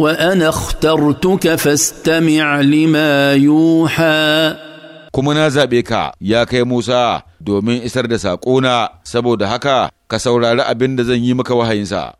وانا اخترتك فاستمع لما يوحى kuma na zaɓe ka ya kai Musa domin isar da saƙona saboda haka ka saurari abin da zan yi maka wahayinsa.